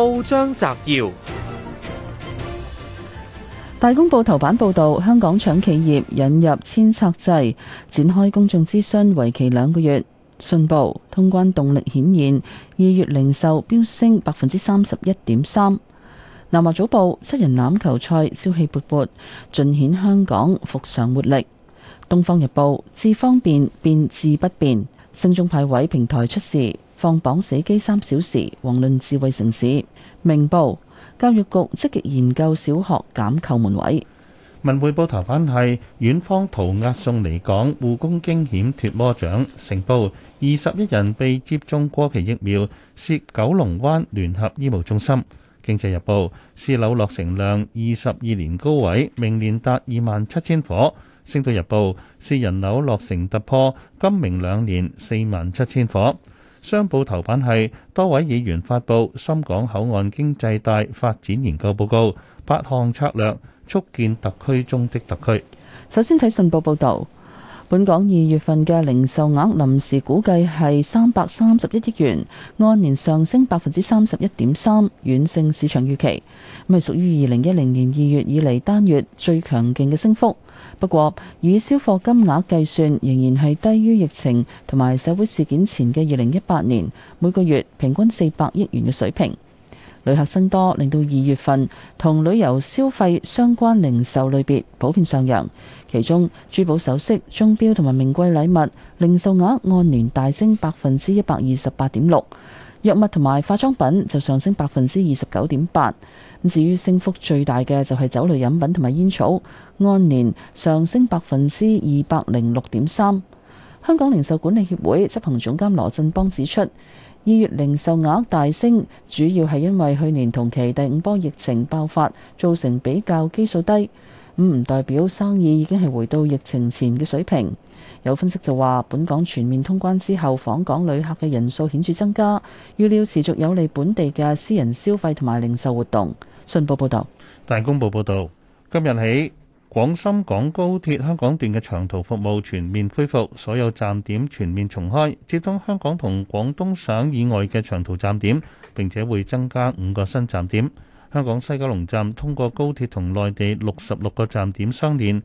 報章摘要：大公報頭版報道，香港搶企業引入遷冊制，展開公眾諮詢，為期兩個月。信報通關動力顯現，二月零售飆升百分之三十一點三。南華早報七人欖球賽，朝氣勃勃，盡顯香港復常活力。東方日報至方便變至不便，升中派位平台出事。放榜死機三小時，黃論智慧城市。明報教育局積極研究小學減扣門位。文匯報頭版係遠方圖押送嚟港護工驚險脱魔掌。城報二十一人被接種過期疫苗，涉九龍灣聯合醫務中心。經濟日報私樓落成量二十二年高位，明年達二萬七千夥。星島日報私人樓落成突破，今明兩年四萬七千夥。商報頭版係多位議員發佈《深港口岸經濟帶發展研究報告》，八項策略促建特區中的特區。首先睇信報報道，本港二月份嘅零售額臨時估計係三百三十一億元，按年上升百分之三十一點三，遠勝市場預期，咁係屬於二零一零年二月以嚟單月最強勁嘅升幅。不過，以銷貨金額計算，仍然係低於疫情同埋社會事件前嘅二零一八年每個月平均四百億元嘅水平。旅客增多令到二月份同旅遊消費相關零售類別普遍上揚，其中珠寶首飾、鐘錶同埋名貴禮物零售額按年大升百分之一百二十八點六，藥物同埋化妝品就上升百分之二十九點八。至於升幅最大嘅就係酒類飲品同埋煙草，按年上升百分之二百零六點三。香港零售管理協會執行總監羅振邦指出，二月零售額大升，主要係因為去年同期第五波疫情爆發，造成比較基數低。唔代表生意已經係回到疫情前嘅水平。有分析就話本港全面通關之後訪港旅客嘅人數顯著增加，預料持續有利本地嘅私人消費同埋零售活動。信報報道、大公報報道今日起，廣深港高鐵香港段嘅長途服務全面恢復，所有站點全面重開，接通香港同廣東省以外嘅長途站點，並且會增加五個新站點。香港西九龍站通過高鐵同內地六十六個站點相連，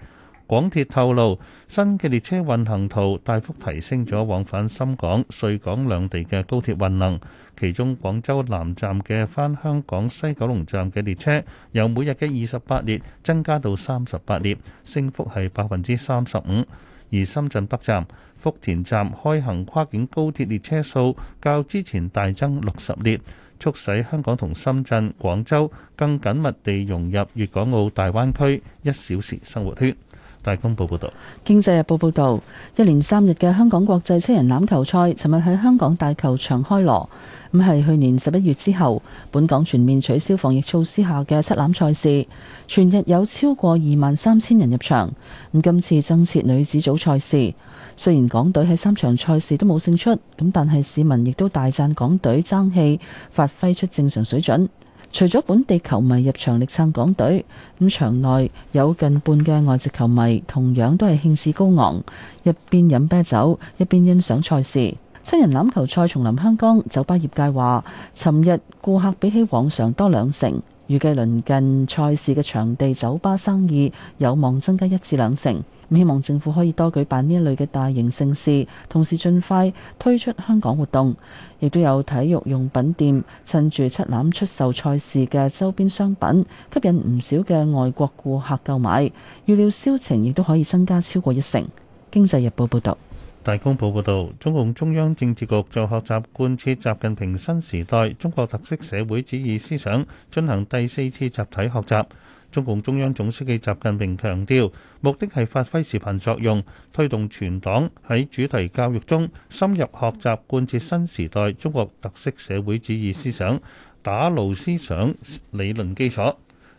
廣鐵透露新嘅列車運行圖大幅提升咗往返深港、穗港兩地嘅高鐵運能。其中廣州南站嘅返香港西九龍站嘅列車由每日嘅二十八列增加到三十八列，升幅係百分之三十五。而深圳北站、福田站開行跨境高鐵列車數較之前大增六十列。促使香港同深圳、廣州更緊密地融入粵港澳大灣區一小時生活圈。大公報報道，《經濟日報》報道，一連三日嘅香港國際七人欖球賽，尋日喺香港大球場開鑼。咁係去年十一月之後，本港全面取消防疫措施下嘅七欖賽事，全日有超過二萬三千人入場。咁今次增設女子組賽事。雖然港隊喺三場賽事都冇勝出，咁但係市民亦都大讚港隊爭氣，發揮出正常水準。除咗本地球迷入場力撐港隊，咁場內有近半嘅外籍球迷，同樣都係興致高昂，一邊飲啤酒，一邊欣賞賽事。七人欖球賽重臨香江，酒吧業界話，尋日顧客比起往常多兩成。預計鄰近賽事嘅場地酒吧生意有望增加一至兩成，咁希望政府可以多舉辦呢一類嘅大型盛事，同時盡快推出香港活動。亦都有體育用品店趁住七欖出售賽事嘅周邊商品，吸引唔少嘅外國顧客購買，預料銷情亦都可以增加超過一成。經濟日報報導。大公報報道，中共中央政治局就學習貫徹習近平新時代中國特色社會主義思想進行第四次集體學習。中共中央總書記習近平強調，目的係發揮示範作用，推動全黨喺主題教育中深入學習貫徹新時代中國特色社會主義思想，打牢思想理論基礎。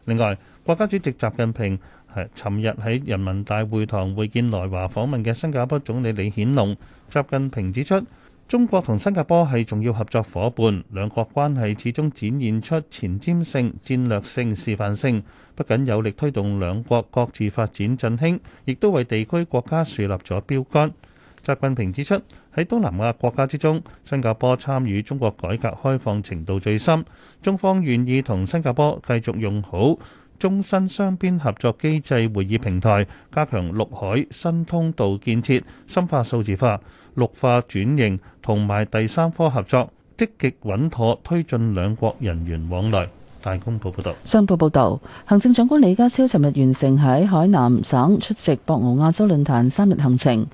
另外，國家主席習近平。尋日喺人民大會堂會見來華訪問嘅新加坡總理李顯龍，習近平指出，中國同新加坡係重要合作伙伴，兩國關係始終展現出前瞻性、戰略性、示範性，不僅有力推動兩國各自發展振興，亦都為地區國家樹立咗標桿。習近平指出，喺東南亞國家之中，新加坡參與中國改革開放程度最深，中方願意同新加坡繼續用好中新雙邊合作機制會議平台，加強陸海新通道建設、深化數字化、綠化轉型同埋第三方合作，積極穩妥推進兩國人員往來。大公報報道。商報報道，行政長官李家超尋日完成喺海南省出席博鰲亞洲論壇三日行程。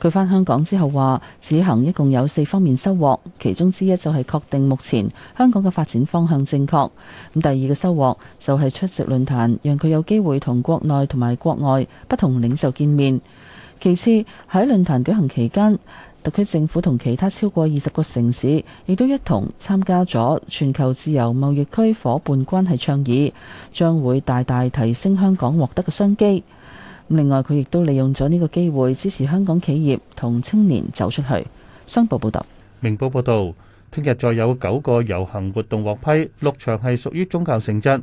佢返香港之後話，此行一共有四方面收穫，其中之一就係確定目前香港嘅發展方向正確。咁第二個收穫就係出席論壇，讓佢有機會同國內同埋國外不同領袖見面。其次喺論壇舉行期間，特區政府同其他超過二十個城市亦都一同參加咗全球自由貿易區伙伴關係倡議，將會大大提升香港獲得嘅商機。另外，佢亦都利用咗呢個機會支持香港企業同青年走出去。商報報道，明報報道，聽日再有九個遊行活動獲批，六場係屬於宗教性質。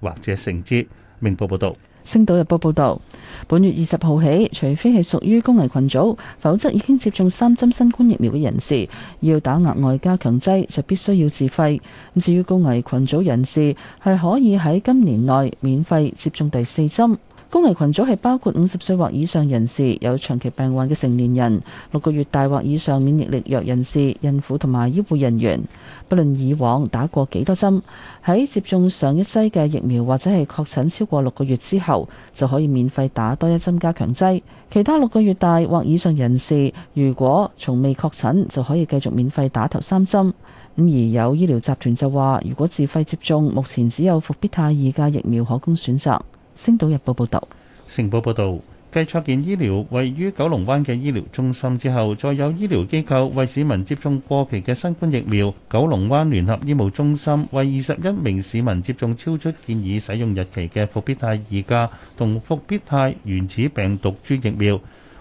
或者成之，明報報道，星島日報報道，本月二十號起，除非係屬於高危群組，否則已經接種三針新冠疫苗嘅人士，要打額外加強劑就必須要自費。至於高危群組人士，係可以喺今年內免費接種第四針。高危群組係包括五十歲或以上人士、有長期病患嘅成年人、六個月大或以上免疫力弱人士、孕婦同埋醫護人員。不論以往打過幾多針，喺接種上一劑嘅疫苗或者係確診超過六個月之後，就可以免費打多一針加強劑。其他六個月大或以上人士，如果從未確診，就可以繼續免費打頭三針。咁而有醫療集團就話，如果自費接種，目前只有復必泰二價疫苗可供選擇。星島日報報道，成報報道，繼卓健醫療位於九龍灣嘅醫療中心之後，再有醫療機構為市民接種過期嘅新冠疫苗。九龍灣聯合醫務中心為二十一名市民接種超出建議使用日期嘅復必泰二價同復必泰原始病毒株疫苗。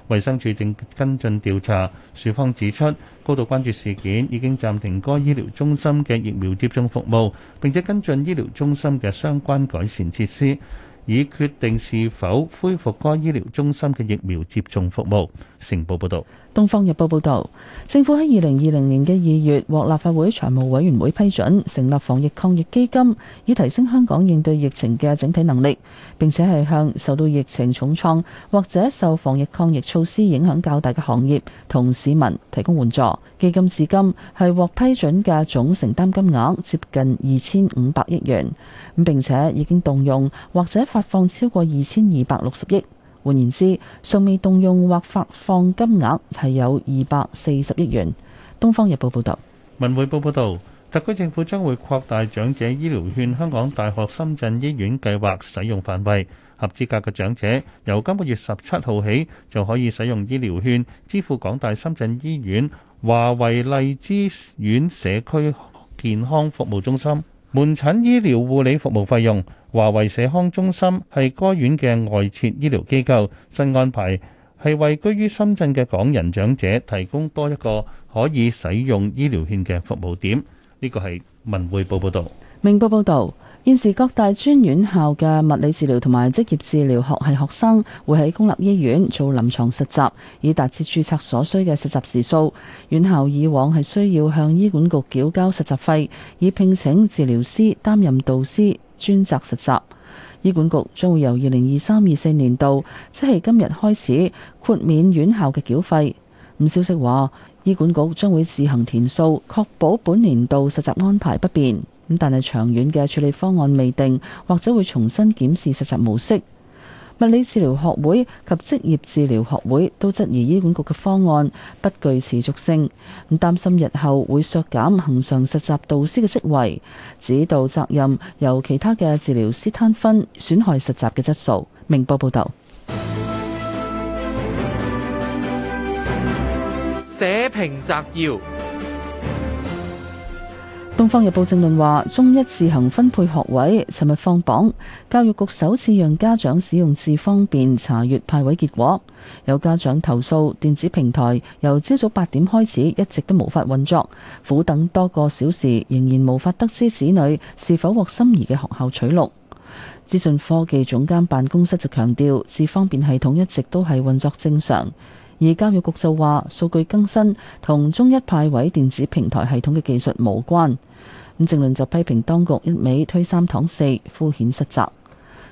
衛生署正跟進調查，署方指出高度關注事件，已經暫停該醫療中心嘅疫苗接種服務，並且跟進醫療中心嘅相關改善設施，以決定是否恢復該醫療中心嘅疫苗接種服務。成報報道。《東方日報》報導，政府喺二零二零年嘅二月獲立，立法會財務委員會批准成立防疫抗疫基金，以提升香港應對疫情嘅整體能力。並且係向受到疫情重創或者受防疫抗疫措施影響較大嘅行業同市民提供援助。基金至今係獲批准嘅總承擔金額接近二千五百億元，咁並且已經動用或者發放超過二千二百六十億。換言之，尚未動用或發放金額係有二百四十億元。《東方日報》報導。《文匯報》報導，特區政府將會擴大長者醫療券香港大學深圳醫院計劃使用範圍，合資格嘅長者由今個月十七號起就可以使用醫療券支付港大深圳醫院華為荔枝苑社區健康服務中心門診醫療護理服務費用，華為社康中心係該院嘅外設醫療機構，新安排係為居於深圳嘅港人長者提供多一個可以使用醫療券嘅服務點。呢個係《文匯報》報道，《明報》報道。現時各大專院校嘅物理治療同埋職業治療學系學生會喺公立醫院做臨床實習，以達至註冊所需嘅實習時數。院校以往係需要向醫管局繳交實習費，以聘請治療師擔任導師，專責實習。醫管局將會由二零二三、二四年度，即係今日開始，豁免院校嘅繳費。咁消息話，醫管局將會自行填數，確保本年度實習安排不變。咁但係長遠嘅處理方案未定，或者會重新檢視實習模式。物理治療學會及職業治療學會都質疑醫管局嘅方案不具持續性，咁擔心日後會削減恆常實習導師嘅職位，指導責任由其他嘅治療師攤分，損害實習嘅質素。明報報道，社評摘要。《東方日報》正論話，中一自行分配學位，尋日放榜，教育局首次讓家長使用智方便查閱派位結果。有家長投訴，電子平台由朝早八點開始，一直都無法運作，苦等多個小時，仍然無法得知子女是否獲心儀嘅學校取錄。資訊科技總監辦公室就強調，智方便系統一直都係運作正常。而教育局就話，數據更新同中一派位電子平台系統嘅技術無關。咁正論就批評當局一味推三搪四，敷衍失責。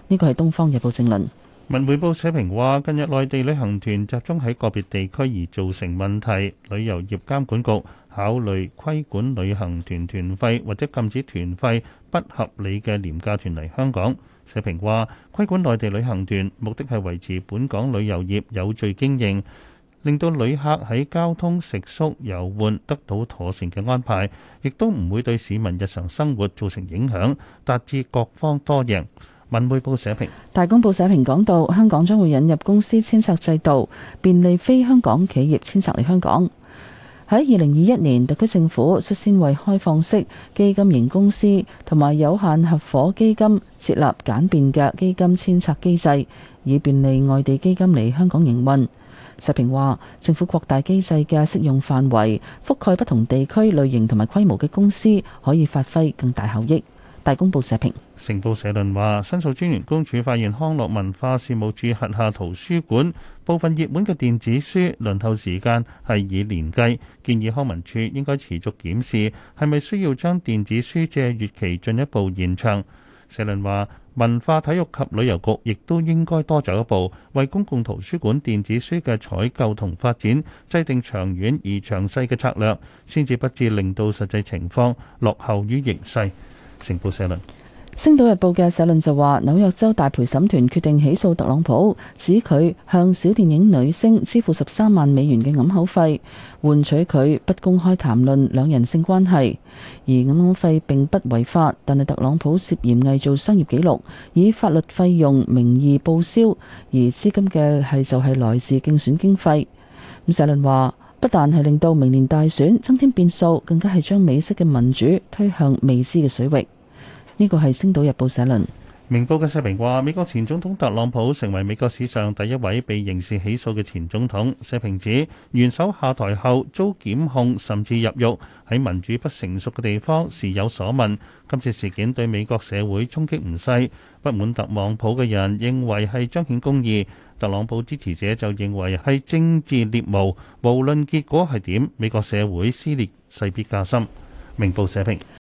呢個係《東方日報》正論。文匯報社評話，近日內地旅行團集中喺個別地區而造成問題，旅遊業監管局考慮規管旅行團團費或者禁止團費不合理嘅廉價團嚟香港。社評話，規管內地旅行團目的係維持本港旅遊業有序經營。令到旅客喺交通、食宿、遊玩得到妥善嘅安排，亦都唔會對市民日常生活造成影響，達至各方多贏。文匯報社評。大公報社評講到，香港將會引入公司遷冊制度，便利非香港企業遷冊嚟香港。喺二零二一年，特區政府率先為開放式基金型公司同埋有限合伙基金設立簡便嘅基金遷冊機制，以便利外地基金嚟香港營運。石平話：政府擴大機制嘅適用範圍，覆蓋不同地區類型同埋規模嘅公司，可以發揮更大效益。大公報社評，城報社論話：申訴專員公署發現康樂文化事務處轄下圖書館部分熱門嘅電子書輪候時間係以年計，建議康文署應該持續檢視係咪需要將電子書借閲期進一步延長。社論話，文化體育及旅遊局亦都應該多走一步，為公共圖書館電子書嘅採購同發展制定長遠而詳細嘅策略，先至不至令到實際情況落後於形勢。《星島日報》嘅社論就話：紐約州大陪審團決定起訴特朗普，指佢向小電影女星支付十三萬美元嘅暗口費，換取佢不公開談論兩人性關係。而暗口費並不違法，但係特朗普涉嫌偽造商業記錄，以法律費用名義報銷，而資金嘅係就係來自競選經費。咁社論話。不但係令到明年大選增添變數，更加係將美式嘅民主推向未知嘅水域。呢個係《星島日報》社論。明報嘅社評話：美國前總統特朗普成為美國史上第一位被刑事起訴嘅前總統。社評指，元首下台後遭檢控，甚至入獄，喺民主不成熟嘅地方，時有所聞。今次事件對美國社會衝擊唔細。不滿特朗普嘅人認為係彰顯公義，特朗普支持者就認為係政治獵巫。無論結果係點，美國社會撕裂勢必加深。明報社評。